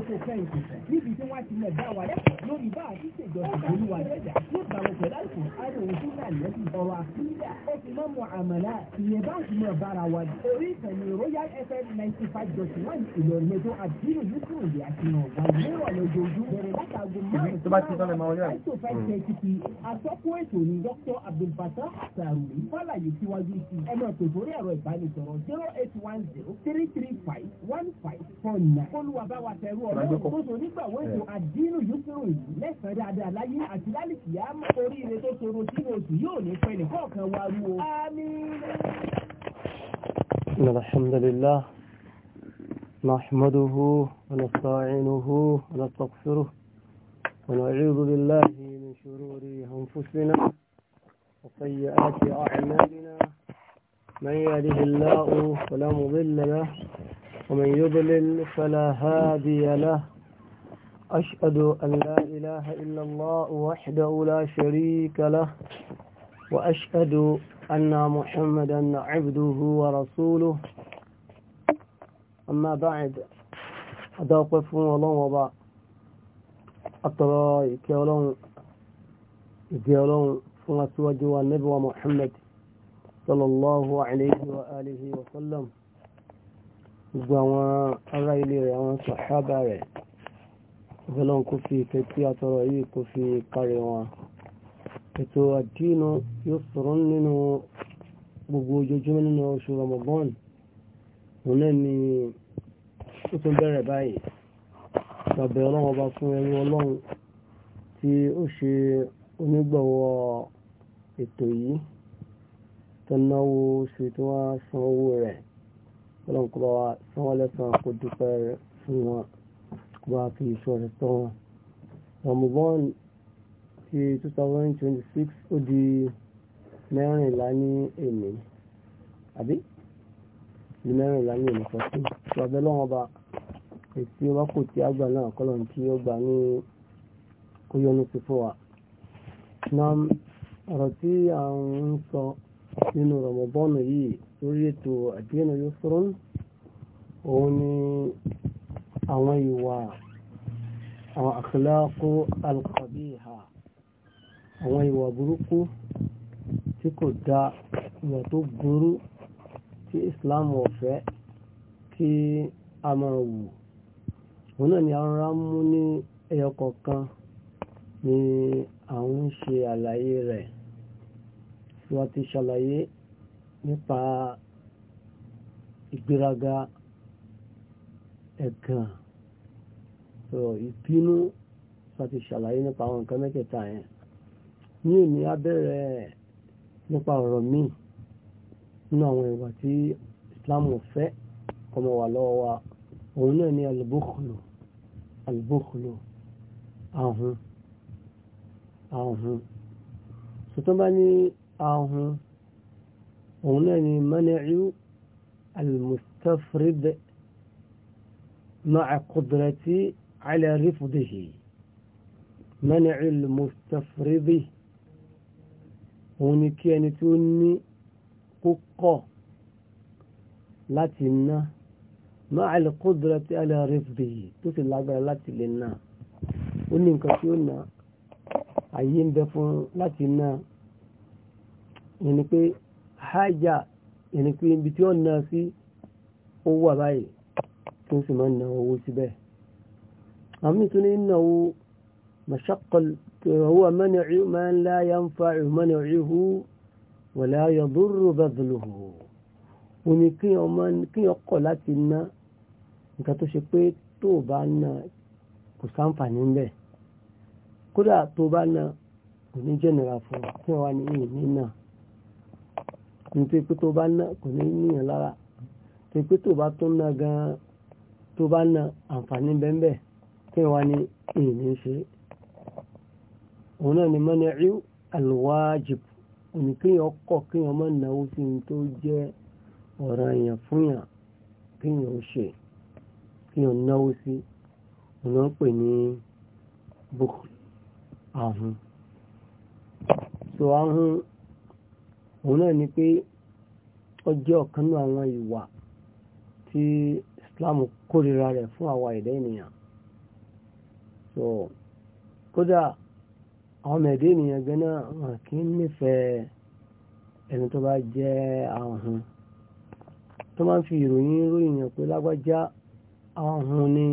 fẹsẹ̀ fẹ́yìn níbi tí wọ́n ti mẹ̀ bá wa dá lórí bá àti ṣèjọba olúwa lẹ́jà yóò bá wọn pẹ̀lú àìsàn wa dá. Hmm. five one ìlọrin lọ́jọ́ àbúrò ọ̀rọ̀ yóò kóso nígbàwó ètò àdínú yúkúrò yìí lẹ́sàn-án dáadáa láyé àti lálìkì wa rú o. الحمد لله نحمده ونستعينه ونستغفره ونعوذ بالله من شرور انفسنا وسيئات اعمالنا من يهده الله فلا مضل له ومن يضلل فلا هادي له أشهد أن لا إله إلا الله وحده لا شريك له وأشهد أن محمدا عبده ورسوله أما بعد أتوقف والله وضع أترى كيولون كيولون فما سوى جوا النبي ومحمد صلى الله عليه وآله وسلم gbogbo àwọn ará ilé rẹ̀ àwọn sàhábà rẹ̀ ọ̀fẹ́lọ́n kò fi ìfẹ́ tí a tọrọ yìí kò fi kárí wọn ètò àdínú yóò sọ̀rọ̀ nínú gbogbo ojoojúmọ́ nínú oṣù Ramadan òun náà ni ó tún bẹ̀rẹ̀ báyìí tàbí ọlọ́run ọba fún ẹrú ọlọ́run tí ó ṣe onígbọ̀wọ́ ètò yìí tó náwó oṣù tí wọ́n san owó rẹ̀ ọlọ́run kó bá wa san wọ́n lẹ́sàn-án kó dúpẹ́ fún wọn kó bá fi ìṣọ́ rẹ̀ tọ́ wọn. Ramadan ti 2026 ó di mẹ́rìnlá ní èmi àbí di mẹ́rìnlá ní èmi fọ́sí tó abẹ́ lọ́wọ́ bá èsì wọn kò tí àgbà náà kọ́lọ̀ tí ó gbà ní kó yọnu sí fún wa. Nam ọ̀rọ̀ tí à ń sọ nínú rọmọbọ́ọ̀nù yìí lórí ètò àdínà yóò fúrún òun ni àwọn ìwà àwọn akhlaqu al-qabiha àwọn ìwà burúkú tí kò dá ìwà tó burú tí Islam ọ̀fẹ́ kí a máa wù òun náà ni ara mú ní ẹyọ kọ̀ọ̀kan ni àwọn ń ṣe àlàyé rẹ̀ tí wọ́n ti ṣàlàyé nípa ìgbéraga ẹ̀gàn so ìbínú láti ṣàlàyé nípa àwọn nǹkan mẹ́tẹ̀ẹ̀ta yẹn ní òní abẹ́rẹ́ nípa ọ̀rọ̀ míì nínú àwọn ìwà tí Islam fẹ́ kọmọ wà lọ́wọ́ wa òun náà ni alùbókùlù alùbókùlù ahun ahun sọtọ́ bá ní ahun òun náà ni mani'u al-mustafrid ma'a qudrati ala rifdihi mani'u al-mustafridi òun ni kí ẹni tí ó ní kókọ̀ láti ná ma'a al-qudrati tó sì lágbára láti lè náà ó ní nǹkan tí ó ná ayé ń bẹ fún láti náà yẹn ni pé hájà yẹn ni pé ibi tí wọ́n na sí ó wà báyìí tó sì máa na owó síbẹ̀. àmì tún ní ìnáwó mashakal هو منع من لا ينفع منعه ولا يضر بذله ó ní kí ọmọ kí ọkọ̀ láti ná nǹkan tó ṣe pé tó bá ná kò sáǹfààní kódà tó bá ná kò ní jẹ́nìra fún ọ tí wọ́n wá ní ìní náà ní tó pé tó bá ná kò ní níyàn lára tó pé tó bá àǹfààní bẹ́ẹ̀ kí wá ní ìní ṣe òun náà ni mọ́ni rí alwajib òní kíyàn kọ̀ kíyàn mọ́ náwó sí ní tó jẹ́ ọ̀rọ̀ èèyàn fúnyàn kíyàn ó ṣe kíyàn náwó sí òun náà pè ní bukul ahun òun náà ni pé ó jẹ́ ọ̀kan nínú àwọn ìwà tí Islam kórìíra rẹ̀ fún àwa ẹ̀dá ènìyàn so kódà àwọn ọmọ ẹ̀dá ènìyàn gánà wọn kì í nífẹ̀ẹ́ ẹni tó bá jẹ́ ahun tó máa ń fi ìròyìn ròyìn pé lágbájá ahun ni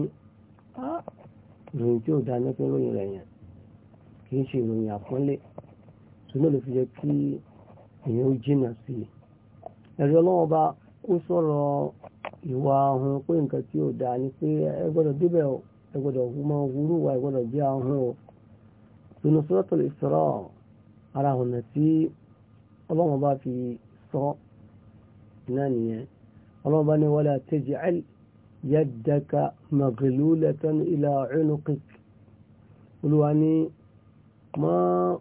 ìròyìn tí ò dá nípínlẹ̀ ròyìn rẹ̀ yẹn kì í ṣe ìròyìn àpọ́nlé ṣùgbọ́n ló fi yẹ kí èyàn ó jìnà sí i ẹ̀rí ọlọ́wọ́n bá ó sọ̀rọ̀ ìwà ahun pé nǹkan tí ò dáa ni pé ẹ gbọ́dọ̀ débẹ̀ o ẹ gbọ́dọ̀ máa wúrú wa ẹ gbọ́dọ̀ jẹ́ ahun o olúwa ní máa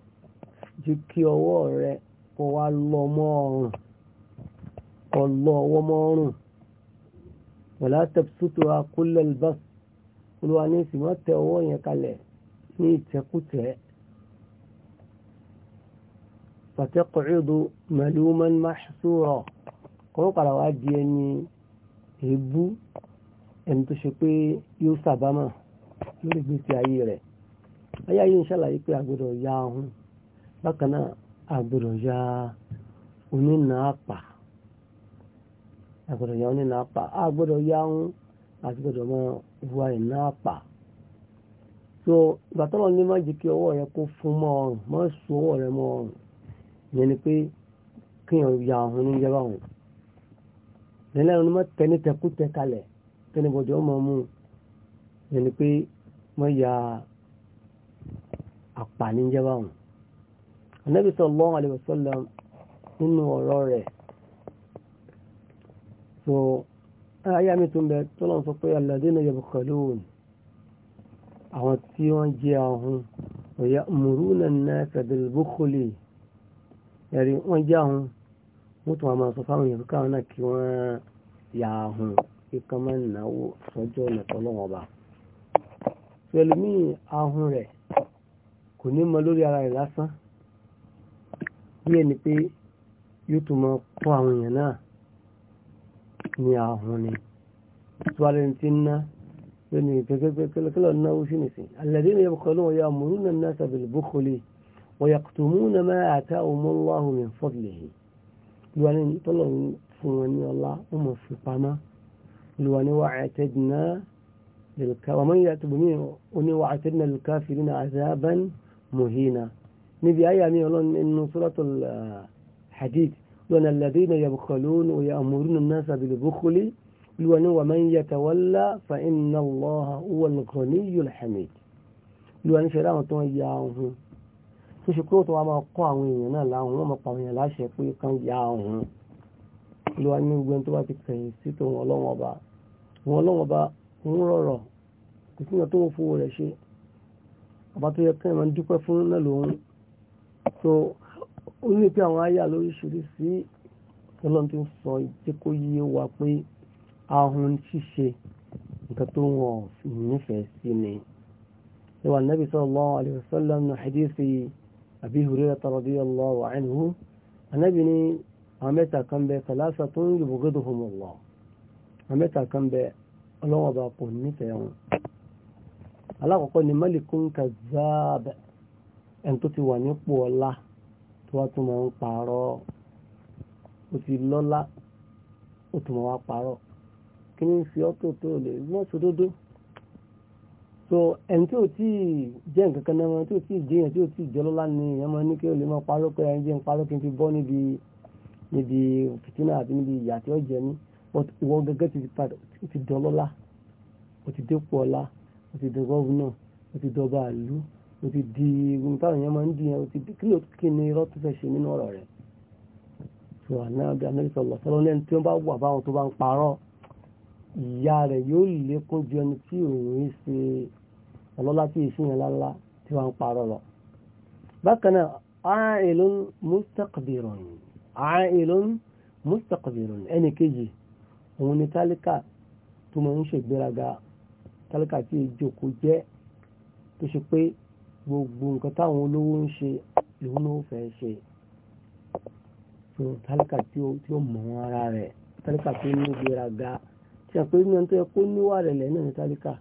jẹ́ kí ọwọ́ rẹ̀ kó wá lọ mọ́ ọrùn ọlọ ọwọ́ mọ́ ọrùn wala tabsutu kullal bas olúwa ní ìsìn wọ́n tẹ ọwọ́ yẹn kalẹ̀ ní ìtẹ́kùtẹ́ fataqudu maluman mahsura kọ́wọ́ padà wá di ẹni èébú ẹni tó ṣe pé yóò sàbámà lórí gbèsè ayé rẹ̀ ayé ayé ń ṣàlàyé pé àgbọ̀dọ̀ ya ọ̀hún bákan náà àgbọ̀dọ̀ ya onínàápà àgbọ̀dọ̀ ya onínàápà àgbọ̀dọ̀ ya ń àti gbọ́dọ̀ mọ ìwà ìnáàpà so ìgbà tọ́lọ̀ ní má jẹ́ kí ọwọ́ rẹ kó fún mọ́ ọrùn má sùn ọwọ́ rẹ mọ́ ọrùn ìyẹn ni pé kíyàn ya ọ̀hún ní ìjọba ọ̀hún nílẹ̀ ọ̀hún má tẹ ní tẹkútẹ kalẹ̀ tẹni bọ̀dọ̀ ọmọ mú ìyẹn ni pé má ya àpà ní ìjọba ọ̀hún. Ànábì sallallahu alaihi wasallam nínú ọ̀rọ̀ rẹ̀ so ayá mi tún bẹ tọ́lọ́n sọ pé alladhina yabkhalun àwọn tí wọ́n jẹ́ ahun wa ya'muruna an-nasa bil-bukhli ẹ̀rí wọ́n jẹ́ ahun wọ́n tún àmà sọ fáwọn èèyàn káwọn náà kí wọ́n yà ahun kí kan máa náwó sọ́jọ́ ọ̀nà tọ́lọ́wọ́n ọba pẹ̀lú mí ahun rẹ̀ kò ní mọ lórí ara rẹ̀ lásán bí ẹni pé yóò tún mọ kọ́ àwọn èèyàn náà ní ààrùn ni tí wàá lẹ́ni tí ń ná lónìí ìpẹ́kẹ́kẹ́lọ́ náwó sí nìsín alladhina yabkhuluna wa ya'muruna an-nasa bil-bukhli wa yaktumuna ma atahum Allahu min fadlihi lùwà ní tọ́lọ̀ fún wọn ní ọlá wọn mọ̀ fi pamọ́ lùwà ní wa'atadna lil níbi ayé àmì ọlọ́run nínú suratul uh, hadid lọ́nà alladhina yabkhaluna wa ya'muruna an-nasa bil bukhli lúwọ́n ni wa man yatawalla fa inna Allaha huwal ghaniyyul hamid lúwọ́n ní fẹ́rẹ́ àwọn tó ń ya ọ̀hún tó ṣe kúrò tó wá máa kọ́ àwọn èèyàn náà láhùn wọ́n máa pa àwọn èèyàn láṣẹ pé kan ya ọ̀hún lúwọ́n ní gbogbo ẹni tó bá ti kẹ̀yìn sí tòun ọlọ́wọ́n ọba òun ọlọ́wọ́n ọba òun rọ̀rọ̀ kò sí ìyàn tó wọ́n fowó rẹ̀ ṣe àbá tó yẹ kẹ́yìn máa dúpẹ́ fún náà lòun so ó ní pé àwọn àyà lóríṣiríṣi ọlọ́run ti ń sọ ìdí kó yé wa pé ahun ṣíṣe nǹkan tó wọn nífẹ̀ẹ́ sí ni ìwà nàbì sallallahu alaihi wasallam nù hadithi Abi Hurairah radiyallahu anhu anábì ní àwọn mẹ́ta kan bẹ thalathatun yubghiduhumullah àwọn mẹ́ta kan bẹ ọlọ́wọ́ bá kò nífẹ̀ẹ́ wọn alákọ̀ọ́kọ́ ni malikun kazzab ẹni tó ti wà nípò ọlá tó wá tún máa ń parọ́ ó ti lọ́lá ó tún máa wá parọ́ kí ni fi ọ́tò tó lè wọ́n sódódó so ẹni tí ò tí ì jẹ́ nǹkan kan náà tí ò tí ì jẹ́yàn tí ò tí ì jọlọ́lá ni èèyàn máa ní kí ó lè máa parọ́ pé ẹni jẹ́ ń parọ́ kí n fi bọ́ níbi níbi fìtínà àti níbi ìyà tí ó jẹ ní ìwọ gẹ́gẹ́ ti padà ó ti dọlọ́lá ó ti dépò ọlá ó ti dọgọ́ọ̀nà o ti di ogun táwọn èèyàn máa ń dìyàn o ti di kí ló kí ni irọ́ tó fẹ́ ṣe nínú ọ̀rọ̀ rẹ̀ tó àná bí amẹ́ríkà lọ sọ́lọ́ lẹ́nu tí wọ́n bá wà báwọn tó bá ń parọ́ ìyá rẹ̀ yóò lékún ju ẹni tí òun ṣe ọlọ́lá tí ìṣìyàn lálá tí wọ́n ń parọ́ lọ. bákan náà ààrẹ̀lún mustaqbirun ààrẹ̀lún mustaqbirun ẹni kejì òun ni tálíkà tó máa ń ṣègbéraga tálíkà tí ìjókòó jẹ́ tó ṣe pé gbogbo nǹkan táwọn olówó ń ṣe lòun ló fẹ́ ṣe tó tálíkà tí ó mọ̀ wọn ara rẹ̀ tálíkà tó ní ìgbéraga tí a pé ní ẹni tó yẹ kó níwà rẹ̀ lẹ́nu ní tálíkà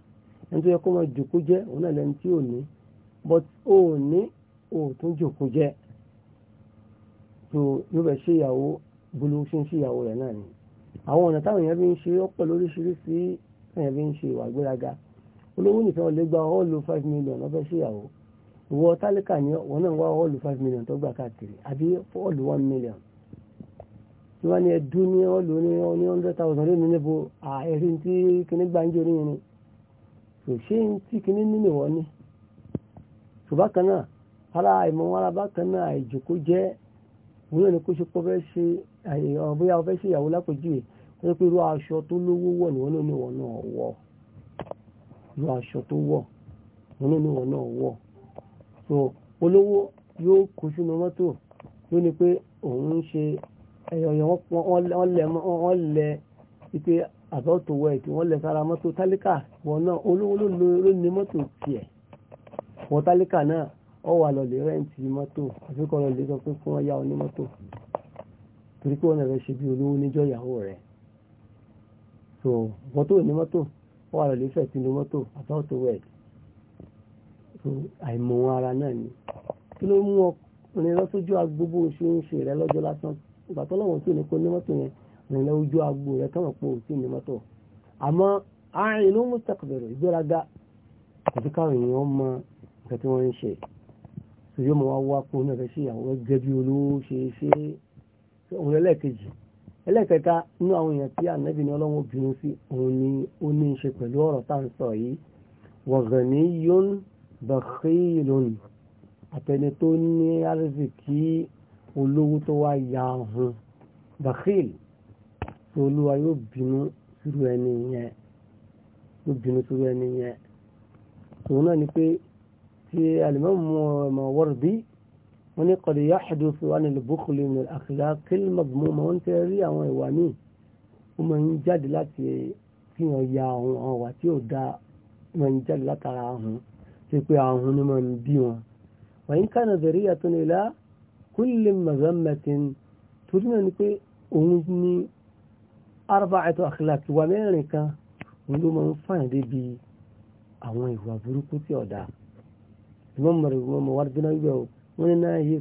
ẹni tó yẹ kó máa jòkó jẹ́ òun náà lẹ́ni tí ò ní but ò ní ò tún jòkó jẹ́ tó yóò fẹ́ ṣe ìyàwó bolo ṣe ń ṣe ìyàwó rẹ̀ náà ni àwọn ọ̀nà táwọn èèyàn fi ń ṣe ọ̀pọ̀ lóríṣiríṣi èèyàn fi ń ṣe ìwà ìgbéraga olówó nìkan ò lè gba ọ́ọ̀lù five million lọ́fẹ́ ṣe wọ tálíkà ní wọn náà wá ọ̀ọ̀lù five million tó gbà káàkiri àbí ọ̀ọ̀lù one million tí wọ́n ní ẹdún ní ọ̀ọ̀lù ní hundred thousand lónìí níbo ẹ̀rí tí kìíní gbàǹjo ní ni kò ṣe ń tí kìíní nínú wọn ni ṣùgbọ́n kan náà ara ìmọ̀ wọn ara bákan náà àìjòkó jẹ́ òun náà ni kó ṣe pọ́ fẹ́ ṣe bóyá o fẹ́ ṣe ìyàwó lápèjúwe wọ́n pé irú aṣọ tó lówó wọ̀ ni wọ́n ní wọ́n náà wọ̀ so olówó yóò kó sínú mọ́tò yóò ní pé òun ń ṣe ẹ̀yọ̀yọ̀ wọ́n lẹ̀ wípé àbọ̀tò wẹ̀ẹ̀tì wọ́n lẹ̀ sára mọ́tò tálíkà wọn náà olówó ló ní mọ́tò tiẹ̀ wọ́n tálíkà náà ọ wà lọ́lẹ̀ rẹ́ǹtì mọ́tò àfikọ́ lọ́lẹ̀ sọ pé fún ọyá onímọ́tò torí pé ọ̀nà rẹ̀ ṣe bí olówó níjọ́ ìyàwó rẹ̀ so mọ́tò onímọ́tò ọ wà lọ́lẹ̀ fẹ̀ẹ́ tinú mọ́tò àbọ̀tò wẹ̀ẹ̀tì so àìmọ̀ ara náà ni kí ló mú ọkùnrin lọ sójú agbo bó ṣe ń ṣe rẹ lọ́jọ́ lásán ìgbà tó lọ́wọ́ tí ò ní kó ní mọ́tò yẹn rìn lọ ojú agbo rẹ káwọn pé òtí ní mọ́tò àmọ́ àárín ló mú sàkàbẹ̀rẹ̀ ìgbéraga àti káwọn èèyàn mọ nǹkan tí wọ́n ń ṣe so yóò mọ wá wá pé oní ọ̀fẹ́ sí ìyàwó gẹ́gẹ́ bí olówó ṣe ṣe òun ẹlẹ́ẹ̀kejì ẹlẹ́ẹ̀kẹta inú àwọn èèyàn tí ànábì ní ọlọ́wọ́ obìnrin sí òun ni ó ní í ṣe pẹ̀lú ọ̀rọ̀ tá à ń sọ yìí wọ̀gàn ní yóò bàkílùn àtẹni tó ní àrísìkí olówó tó wá ya ọ̀hún bàkíl tó olúwa yóò bínú sírú ẹni yẹn yóò bínú sírú ẹni yẹn tòun náà ni pé tí alimọ́mù ọmọ wọ́rọ̀dí wọ́n ní kọ̀dí yá ṣàdúsù wà ní lùbúkúlù ní àkìlá kílmọ̀gbọ́n wọ́n ti rí àwọn ìwà míì ó ma ń jáde láti fi ya àwọn àwà tí ó dá ma ń jáde látara ahùn tí pé àwọn ní máa ń bí wọn wọ́n ká nàìjíríà tó ní ilá kúlè mazamatin torí náà ni pé òun ní arba'atu akhlaq wà mẹ́rin kan òun ló máa ń fàyàn débi àwọn ìwà burúkú tí ọ̀dà ìmọ̀ mọ̀rẹ̀ ìwọ̀n mọ̀ wárí dúnà gbẹ̀ wọ́n ní náà yí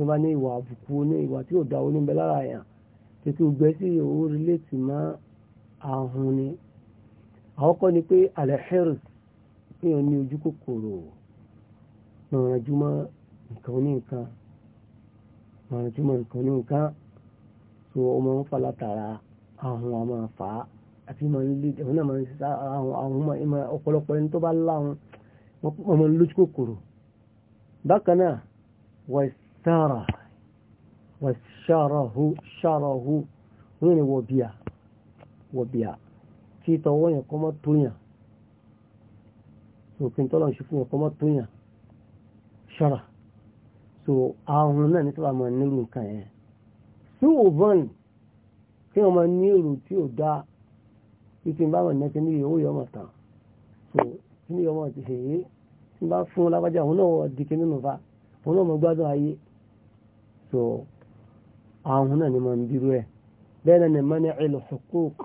ó bá ní ìwà àbùkù ní ìwà tí ò dáwó níbẹ̀ lára yàn tètè ògbẹ́ sí òun rí létí máa ahun ni àkọ́kọ́ ni pé alẹ́hẹ́rù èèyàn ní ojú kòkòrò mọ̀rànjúmọ́ nǹkan ní nǹkan mọ̀rànjúmọ́ nǹkan ní nǹkan so ọmọ ń falatara ahun a máa fà á àti máa ń lé ẹ̀hún náà máa ń sá ahun ahun máa ọ̀pọ̀lọpọ̀ ẹni tó bá láhun wọ́n máa ń lójú kòkòrò bákan náà wà sára wà sárahu sárahu wọ́n ní wọ̀bìà kí tọwọ́ yẹn kọ́ mọ́ tóyàn so kí n tọ́lọ̀ ṣe fún yẹn kọ́ mọ́ tóyàn ṣọ́ra so ahun náà ní tọ́lá máa nílùú nǹkan yẹn sí òvọ́n kí wọ́n máa ní èrò tí ò dá ìpín bá wọn nẹ́kẹ́ ní owó yọmọ tán so kí ni yọmọ ti ṣèyí tí bá fún lágbájá òun náà di nínú fa òun náà mọ gbádùn ayé so ahun náà ni máa ń bírú ẹ bẹ́ẹ̀ náà ni mọ́ni ìlú huquq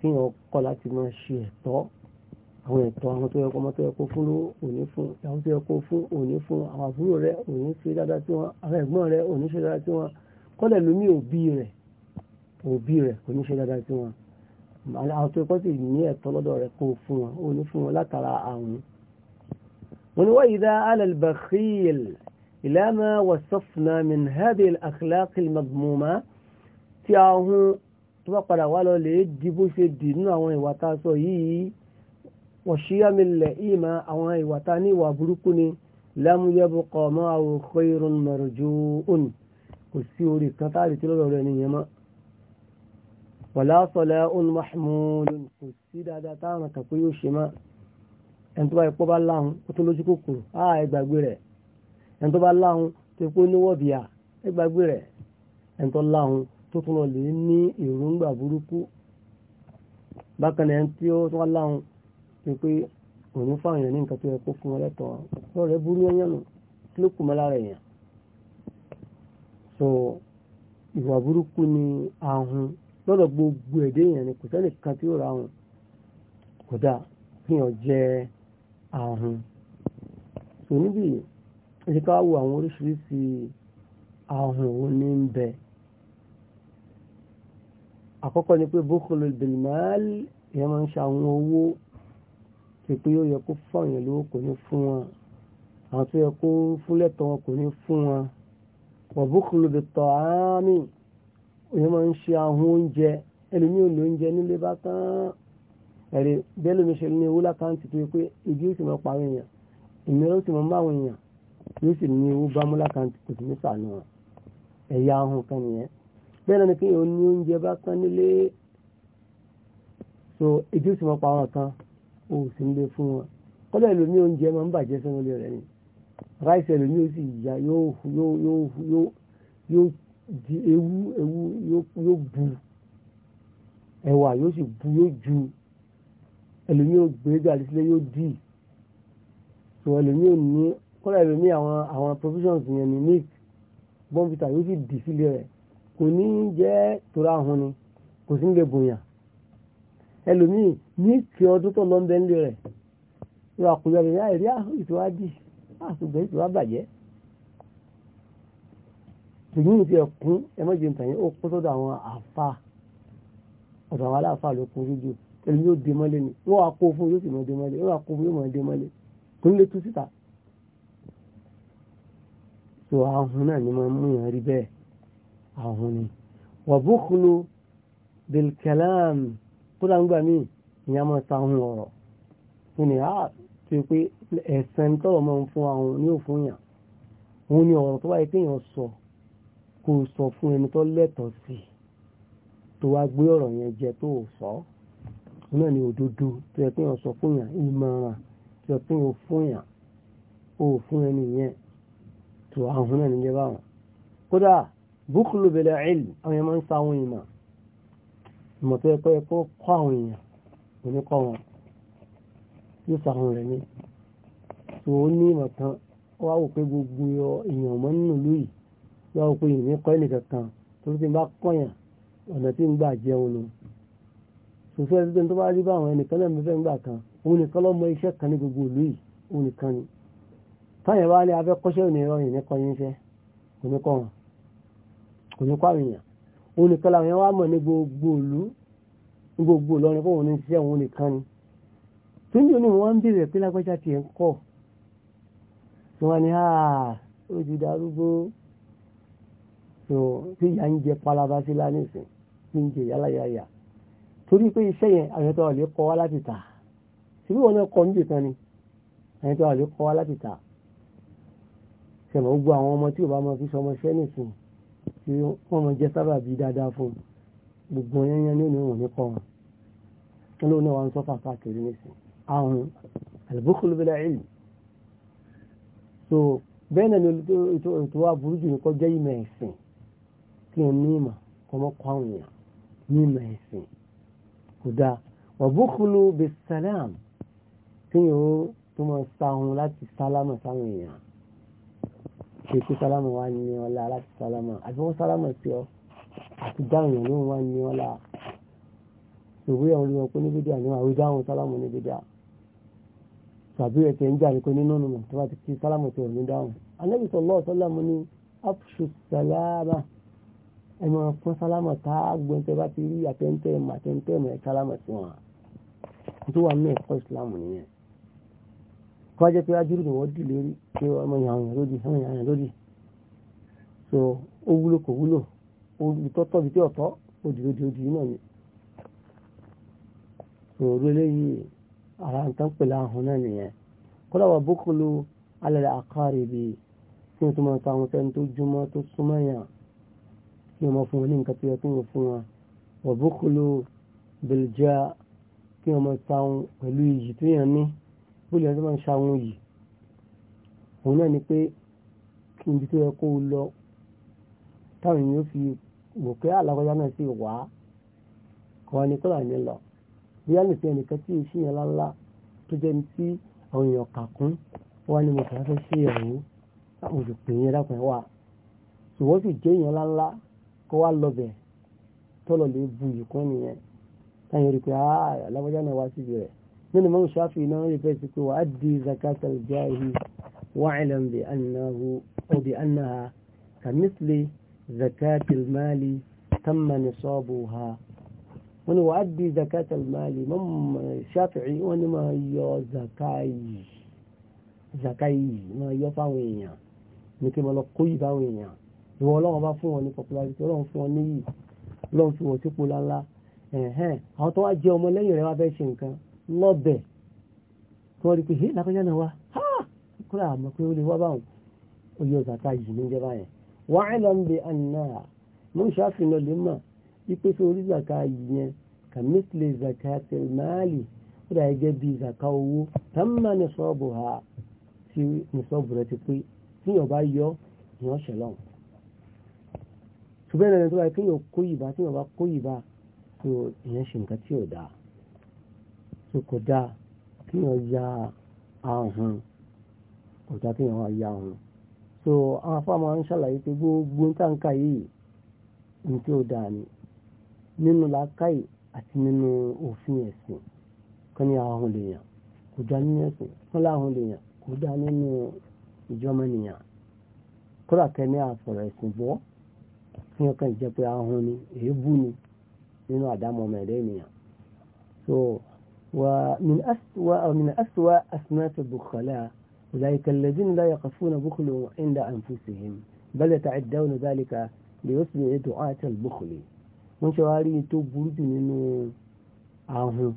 kí wọ́n kọ́ láti máa ṣe ẹ̀tọ́ àwọn ẹ̀tọ́ àwọn tó yẹ kó ọmọ tó yẹ kó fún òní fún ìyàwó tó yẹ kó fún òní fún àwọn àbúrò rẹ òní ṣe dáadáa sí wọn àwọn ẹ̀gbọ́n rẹ òní ṣe dáadáa sí wọn kọ́lẹ̀ lómi òbí rẹ̀ òbí rẹ̀ òní ṣe dáadáa sí wọn àwọn tó yẹ kó sì ní ẹ̀tọ́ lọ́dọ̀ rẹ kó fún wọn òní fún wọn látara àwọn. wọn ni wáyé dá alal bakhil ìlànà wasafna min hadhihi al-akhlaq tó bá padà wá lọ lè di bó ṣe dì nínú àwọn ìwà tá a sọ yìí wọ́n ṣíyàmì lẹ̀ ìmọ̀ àwọn ìwà tá a ní ìwà burúkú ni lámúyẹ́bù kọ̀ mọ́ àwọn khairun marjuun kò sí orí kan tá a lè tí lọ́dọ̀ rẹ̀ nìyẹn mọ́. wala sala'un mahmulun kò sí dáadáa táwọn kan pé yóò ṣe mọ́ ẹni tó bá ipò bá láhùn kó tó lójú kòkòrò á ẹgbàgbé rẹ̀ ẹni tó bá láhùn tó ipò níwọ̀bìà ẹgbàgbé rẹ̀ ẹni tó láhùn tó tún lọ lè ní èròǹgbà burúkú bákan náà tí ó tún wá láwọn pé pé òun fáwọn èèyàn ní nǹkan tó yẹ kó fún ọlẹ́tọ̀ ọ̀rọ̀ rẹ̀ burú yẹn nù kí ló kù mọ́ lára èèyàn so ìwà burúkú ni ahun lọ́dọ̀ gbogbo èdè èèyàn ni kò sẹ́nì kan tí ó ra ahun kódà fihàn jẹ́ ahun so níbi ìṣẹ́ká wo àwọn oríṣiríṣi ahun òun ní ń bẹ àkọ́kọ́ ni pé bókòlù bìlmáàlì ìyẹn máa ń ṣe àwọn owó tí pé ó yẹ kó fún àwọn ìlú kò ní fún wọn àwọn tó yẹ kó fúnlẹ̀tọ̀ wọn kò ní fún wọn wọ̀ bókòlù bìtọ̀ ámì ìyẹn máa ń ṣe àwọn oúnjẹ ẹlòmíì ò lóúnjẹ nílé bá tán ẹ̀rí bẹ́ẹ̀ lómi ṣe ní owó lákàntì tó yẹ pé ìdí ó sì máa pa èèyàn ìmíràn ó sì máa ń èèyàn yóò sì ní owó bámú lákàntì kò ní sàánú ẹ̀yà ahùn kan nìyẹn bẹ́ẹ̀ náà ni kéèyàn ní oúnjẹ bá tán nílé so ìdí òsì máa pa àwọn kan ó sì ń lé fún wọn kọ́lẹ̀ lómi oúnjẹ máa ń bàjẹ́ sínú ilé rẹ̀ ni ráìsì ẹlòmí ó sì yá yóò yóò yóò yóò di ewu ewu yóò bu ẹ̀wà yóò sì bu yóò ju ẹlòmí ò gbé gàdí sílẹ̀ yóò dì so ẹlòmí ò ní kọ́lẹ̀ lómi àwọn àwọn provisions yẹn ni meat bọ́ǹbìtà yóò sì dì sílẹ̀ rẹ̀ kò ní jẹ́ tóra ahun ni kò sí lè bòyàn ẹlòmíì ní kí ọdún tó lọ ń bẹ ń lé rẹ̀ ìwà kò yọ ìyá ìrí ah, ìtòwádìí àṣùgbọ́n ah, ìtòwá bàjẹ́ tòyún ti ẹ̀kún ẹmọ́jì ìtàyìn ó kó sọ́dọ̀ àwọn àfà ọ̀dọ̀ àwọn aláfà ló kó rújù ẹlòmíì yóò dé mọ́lé ni wọ́n wá kó fún yóò sì mọ́ dé mọ́lé wọ́n wá kó fún yóò mọ́ dé mọ́lé kò ní lè tú síta so ahun náà ni mo mú yàn rí bẹ́ẹ̀ ọ̀hún ni wàbúkúlù bilkalam kódà ń gbà míì ìyá máa ta ohun ọ̀rọ̀ fún ni a ah, ti pé ẹ̀sẹ̀n tọ́rọ máa ń fún àwọn ní òfin yàn òun ni ọ̀rọ̀ tó wáyé téèyàn sọ kò sọ fún ẹni tó lẹ́tọ̀ọ́ sí tó wá gbé ọ̀rọ̀ yẹn jẹ tó sọ náà ni òdodo tó yẹ téèyàn sọ fún yàn ìmọ̀ràn tó yẹ téèyàn fún yàn ó fún ẹni yẹn tó àwọn náà níjẹ báwọn kódà búkúlù bẹ̀rẹ̀ àìlù àwọn èèyàn máa ń sa àwọn ìmọ̀ ìmọ̀ tó ẹ̀kọ́ ẹ̀kọ́ kọ́ àwọn èèyàn oníkọ́ wọn yóò sa àwọn rẹ̀ ní tó ó ní ìmọ̀ kan wá wò pé gbogbo èèyàn mọ́ nínú ìlú yìí wá wò pé ìní kọ́ ẹnìkan kan torí tí bá kọ́yàn ọ̀nà tí ń gbà jẹun nu sòfẹ́ ẹ̀sìn tó bá rí bá àwọn ẹnìkan náà mẹ́fẹ́ gbà kan òun nìkan lọ́mọ iṣẹ́ kan ní gbogbo ìlú yìí òun nìkan ni táyà bá ní abẹ́kọ́ṣẹ́ òní ẹ̀rọ ìníkọ́ yín iṣẹ́ oníkọ́ wọn kò ní kọ́ àwọn èèyàn òun nìkan làwọn èèyàn wá mọ̀ ní gbogbo ìlú ní gbogbo ìlọrin fún òun ní ṣiṣẹ́ òun nìkan ni tó ní òní wọn ń bèèrè pé lágbájá tiẹ̀ ń kọ́ wọn ni áà ó ti darúgbó tí ìyá ń jẹ palaba sí lánìsín tí ń jẹ yálàyàyà torí pé iṣẹ́ yẹn àwọn àlè kọ́ wá láti tà síbí wọn náà kọ́ níbi kan ni àwọn ètò àlè kọ́ wá láti tà ṣẹ̀mọ̀ gbogbo àwọn ọmọ tí ò bá mọ fi sọmọ iṣẹ́ nìsín tí wọ́n mọ̀ jẹ́ sábàbí dáadáa fún gbogbo yẹnyẹn ní òní òní kọ́ wọn olóòwò náà wà ń sọ́fà káàkiri nìsín àrùn al-bukhlu bil so bẹ́ẹ̀ náà ni ètò wa burú jù ní kọjá ìmọ̀ ẹ̀sìn kí n ní ìmọ̀ kọmọ kọ àwọn èèyàn ní ìmọ̀ ẹ̀sìn kò dáa wa bukhlu bis-salam kí n tó mọ̀ sáhun láti sálámà sáwọn èèyàn ṣe pé sálámù wá ní ọlá láti sálámù àti wọ́n sálámù sí ọ àti dáhùn yẹn lóhun wá ní ọlá ìwé ọ̀rọ̀ ìwọ̀n pé níbi díà ní àwọn ìdáhùn sálámù níbi díà tàbí ẹ̀tẹ̀ ń jà ní pé nínú ọ̀nà tó bá ti kí sálámù tó ní dáhùn Ànábì sallallahu alaihi wasallam ní afṣu sálámà ẹ máa fún sálámù tá a gbọ́n tẹ́ bá ti rí àtẹ́ńtẹ́ màtẹ́ńtẹ́ mọ̀ ẹ̀ sálámù sí wọn tó wà ní ẹ̀kọ́ ìsìlámù nìyẹn kọ́ jẹ́ pé ajúrù ni wọ́n dì lérí pé ọmọ ìyàwó yẹn lódì ọmọ ìyàwó so ó wúlò kò wúlò olùtọ́tọ́ bí tí ọ̀tọ́ òdìdí òdì so orí eléyìí ara ń tán pèlè ahùn náà nìyẹn kọ́lá wà bókòló alẹ́ àkárè bí tí wọ́n tún máa ta àwọn sẹ́ni tó júmọ́ tó súnmọ́ yàn kí wọ́n máa fún wọn ní nǹkan tó yẹ kí wọ́n fún wọn wà bókòló bèlìjà kí wọ́n máa ta pẹ̀lú iyì tó yàn ní bóòlù ẹni tó máa ń ṣàwọn yìí òun náà ni pé kí n bí tó yẹ kó o lọ táwọn èèyàn fi wò pé alákọjá náà sì wá kọ́wa ni kọ́là ní lọ bóyá nìkan ẹnìkan tí ìṣí yẹn láńlá tó jẹ́ ní tí àwọn èèyàn kà kún wọ́n ní mo fẹ́ fẹ́ sí ẹ̀rú àwọn òṣùpẹ̀ yẹn dákun ẹ̀ wà ṣùgbọ́n sì jẹ́ èèyàn láńlá kó wá lọ́bẹ̀ tọ́lọ̀ lè bu ìkún nìyẹn táyọ̀ rí pé alákọjá náà wá síbi rẹ̀ nínú mọ́ ṣáfì náà rí fẹ́ sí pé wà á di zakat al-jahi wa'lam bi annahu aw bi annaha kamithli zakat al-mali tamma nisabuha wọ́n ni wà á di zakat al-mali mọ́ ṣáfì wọ́n ni máa yọ zakayi zakayi máa yọ fáwọn èèyàn ní kí wọ́n lọ kó yìí báwọn èèyàn ìwọ ọlọ́run bá fún wọn ní popularity ọlọ́run fún wọn níyì ọlọ́run fún wọn sípò láńlá ẹ̀hẹ́n àwọn tó wá jẹ́ ọmọ lẹ́yìn rẹ̀ wá fẹ́ ṣe nǹkan lọ́bẹ̀ tí wọ́n rí pé hé lápẹ́já wá ha kúrò àmọ́ pé ó lè wá báwọn oyè ọ̀sàtà yìí ní jẹba yẹn wọ́n á lọ ń bẹ àná mú ìṣàfihàn lè mọ̀ ipe tó orí zaka yìí yẹn kàmísìlẹ̀ zaka tẹ̀lmáàlì ó dà gẹ́gẹ́ bí zaka owó tàmà ní sọ́ọ̀bù ha tí ní sọ́ọ̀bù rẹ ti pé tí yóò bá yọ ìyàn ṣẹlọ́n ṣùgbọ́n ẹni tó bá kí yóò kó yìí bá tí yóò bá kó yìí bá tó ìyẹn ṣe nǹkan tí yóò dáa tó kò dáa kí wọ́n ya ahùn kò dáa kí ya ahùn so àwọn afáàmà ń ṣàlàyé pé gbogbo táǹkà yìí ní tí ó dáa ni nínú làákàyè àti nínú òfin ẹ̀sìn kan ní ahùn lèèyàn kò dáa nínú ẹ̀sìn kan láhùn lèèyàn kò nínú ìjọmọ ènìyàn kódà kẹ́ni àfọ̀rọ̀ ẹ̀sìn bọ́ fún ọkàn ìjẹ́ pé ahùn ni èébú ni nínú àdámọ́ ọmọ ènìyàn so ومن أسوأ أو من أسوأ أسمات البخلاء أولئك الذين لا يقفون بخلهم عند أنفسهم بل يتعدون ذلك ليصبح دعاة البخل wọ́n ṣe wá rí tó burú jù nínú ahun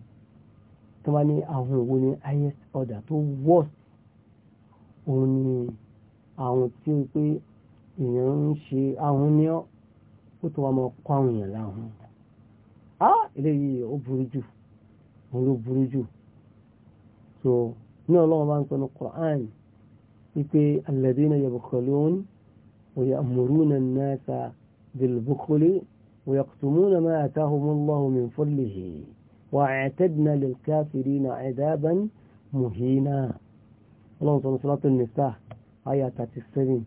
tó bá ní ahun wo ni highest order tó worst òun ni ahun tí ó pé èèyàn ń ṣe ahun ní ọ́ ó tó wá mọ́ kọ́ àwọn èèyàn láhun. ah eléyìí ó burú jù oró burú jù so ní ọlọ́run bá ń pẹnu Qur'an wípé alladhina yabkhulun wa ya'muruna an-nasa bil-bukhli wa yaqtumuna ma atahumullahu min fadlihi wa a'tadna lil-kafirina 'adaban muhina ọlọ́run sọ̀rọ̀ sọ́lá tó nìta àyà 37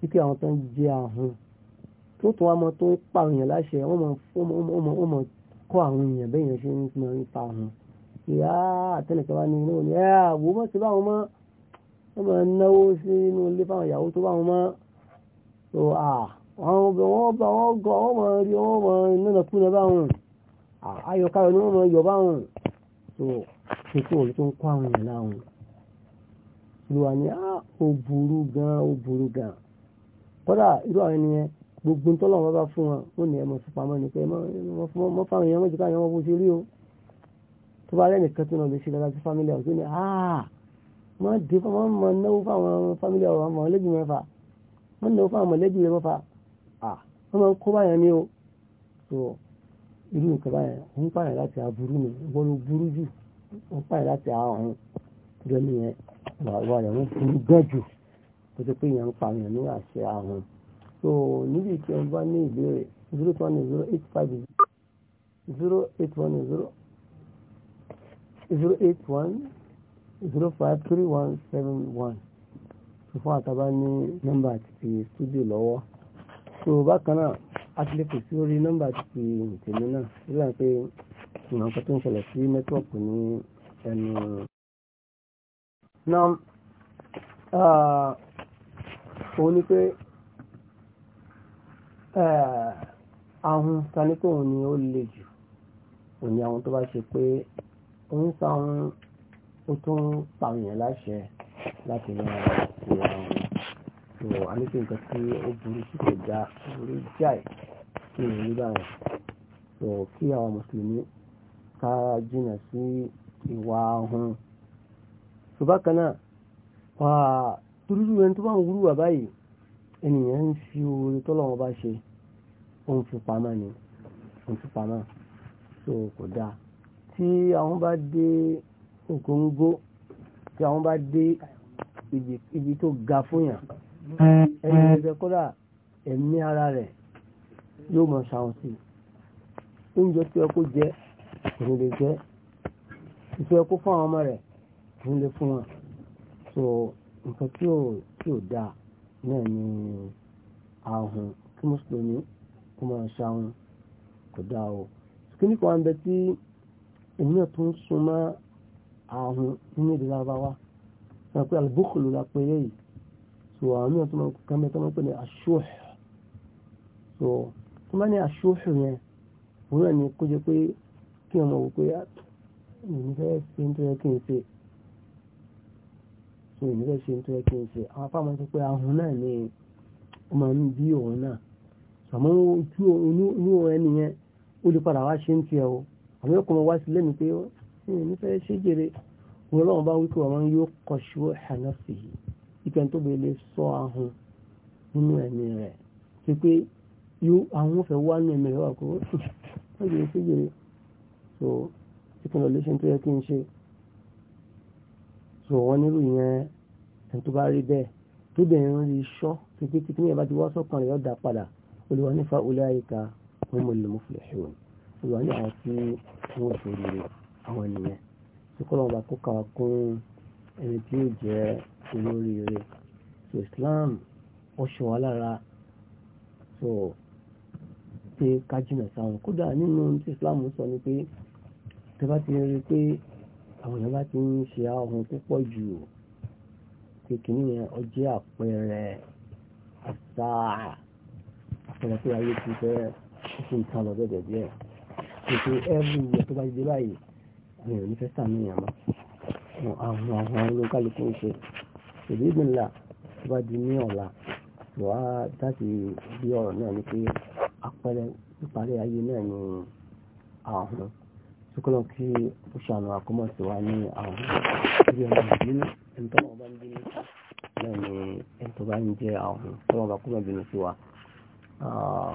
wípé àwọn tó ń jẹ àhún tó tún wá mọ tó ń pààyàn láṣẹ wọ́n mọ̀ kọ́ àwọn èèyàn bẹ́yàn ṣe ń pa àhún ìyá àtẹnìkan ah, wá ní inú ni ẹ eh, àwò mọ́ sí báwọn mọ́ wọ́n máa náwó sínú ilé fáwọn ìyàwó tó báwọn mọ́ tó à àwọn ọbẹ̀ wọ́n bá wọ́n gọ wọ́n máa rí wọ́n máa nánà kúnlẹ̀ ni wọ́n máa yọ báwọn tó kíkó òun ni á ó burú gan ó burú gan kódà irú àwọn ènìyàn gbogbo ń tọ́lọ́wọ́n bá fún wọn ó ní ẹ mọ̀ fipamọ́ ni pé ẹ mọ̀ fún wọn mọ́ fáwọn èèyàn mọ́ jù káwọn èèyàn tó bá rẹ́nìkan tó náà lè ṣe dáadáa sí family house ó ní àá ah, wọ́n dé wọ́n mọ náwó fáwọn family house àwọn mọ̀lẹ́bí mẹ́fà wọ́n náwó fáwọn mọ̀lẹ́bí mẹ́fà ah, wọ́n máa ń kó báyẹn ní o tó irú nǹkan báyẹn ń pààyàn láti aburú ni wọ́n ló burú jù ń pààyàn láti ààrùn jọ nìyẹn wà rẹ̀ wọ́n burú gan jù kó tó pé èèyàn ń pààyàn ní àṣẹ ààrùn tó níbi tí wọ́n bá ní ìbéèrè zero two one zero eight five zero eight one zero zero eight one zero five three one seven one àtàbá ní nọ́mbà àti studio lọ́wọ́ so bákan náà a ti lè pè sí orí nọ́mbà àti tèmi náà nígbà pé ìwọ̀n kan tó ń ṣẹlẹ̀ sí nẹ́tíwọ̀pù ní ẹnu. náà òun ni pé ahun ta ni kóun ni ó le jù òun ni àwọn tó bá ṣe pé ń sa ohun ó tún pààyàn láṣẹ láti máa ṣe àwọn ìwọ àníkè nǹkan tí ó burú sí kò dá burú jáì kí ni rí báyìí sọ kí àwọn mùsùlùmí ká jìnà sí ìwà ahun ṣùgbọ́n kan náà wà turúrú ẹni tó bá ń wúrú wà báyìí ènìyàn ń fi oore tọ́lọ́wọ́n bá ṣe ó ń fi pamọ́ ni ó ń fi pamọ́ so kò dáa tí àwọn bá dé ògóńgó tí àwọn bá dé ibi tó ga fún yàn ẹni ẹgbẹ́ kódà ẹ̀mí ara rẹ̀ yóò mọ̀ ṣàwọn sí oúnjẹ tí ẹ kó jẹ lè jẹ ìfẹ́ ẹ fún àwọn ọmọ rẹ̀ òun lè fún wọn so nǹkan tí ò tí ò dáa náà ni ahun kí mùsùlùmí kó máa ṣàwọn kò dáa o kí ní kò wá ń bẹ tí èmi náà tún súnmọ́ àrùn nínú èdè larabawa wọn pe alùbókòlù la pé eléyìí so àrùn náà tún máa kàn mẹ́ta máa pè ní aṣóòhù so tó bá ní aṣóòhù yẹn òun náà ni kó jẹ pé kí ọmọ wò pé ìní ah, fẹ́ ṣe ń tó yẹ kí n ṣe so ìní fẹ́ ṣe ń tó yẹ kí n ṣe àwọn apá máa ń sọ pé àrùn náà ni ó máa ń bí òun náà àmọ́ ojú inú ẹni yẹn ó lè padà wá ṣe ń tiẹ̀ o àwọn yóò kọ́ mọ wá sí lẹ́nu pé ní ẹni fẹ́ ṣe jèrè wọn lọ́wọ́ bá wípé wọn yóò kọ̀ṣù hànáfì ìpẹ́ tó bèèrè sọ ahun nínú ẹ̀mí rẹ̀ ti pé àwọn fẹ́ wá ní ẹ̀mí rẹ̀ wà kó wọ́n jẹ́ ṣe jèrè so ìpínlẹ̀ tó yẹ kí n ṣe so wọ́n nílò yẹn ẹni bẹ̀rẹ̀ rí iṣọ́ títí tí kí ní ẹ̀bá ti wá rẹ̀ yọ̀ padà olùwọ́n nífa olú àyíká wọn mọ̀ lè ìwà ní àwọn tí wọ́n ṣe rere àwọn ènìyàn tí kọ́ lọ́wọ́ bá kó kàwá kún ẹni tí yóò jẹ́ olóríire so Islam ó ṣe wá lára so pé ká jìnà sáwọn kódà nínú tí Islam sọ ni pé tí bá ti rí pé àwọn èèyàn bá ti ń ṣe ahun púpọ̀ jù pé kìíní yẹn ó jẹ́ àpẹẹrẹ àṣà àpẹẹrẹ pé ayé ti fẹ́ ṣe ìtàn lọ bẹ́ẹ̀ bẹ́ẹ̀ ètò ẹ̀rù ìyẹ̀ tó bá dé báyìí àwọn èèyàn nífẹ̀ẹ́ sàmìyàn mọ́ àwọn àwọn olókàlùkù ń ṣe ìlú ìgbìnlá tó bá di ní ọ̀la tó á dáàbì bí ọ̀rọ̀ náà ni pé apẹ̀rẹ̀ ìparí ayé náà ni ààrùn ṣùkọ́lọ́ kí ó ṣàánú àkọ́mọ̀ sí wa ní ààrùn ìdí ọ̀rọ̀ ìbínú ẹni tó wọn bá ń bínú náà ni ẹni tó bá ń jẹ́ ààrùn tó wọn bá kúrò bínú sí wa. Ah,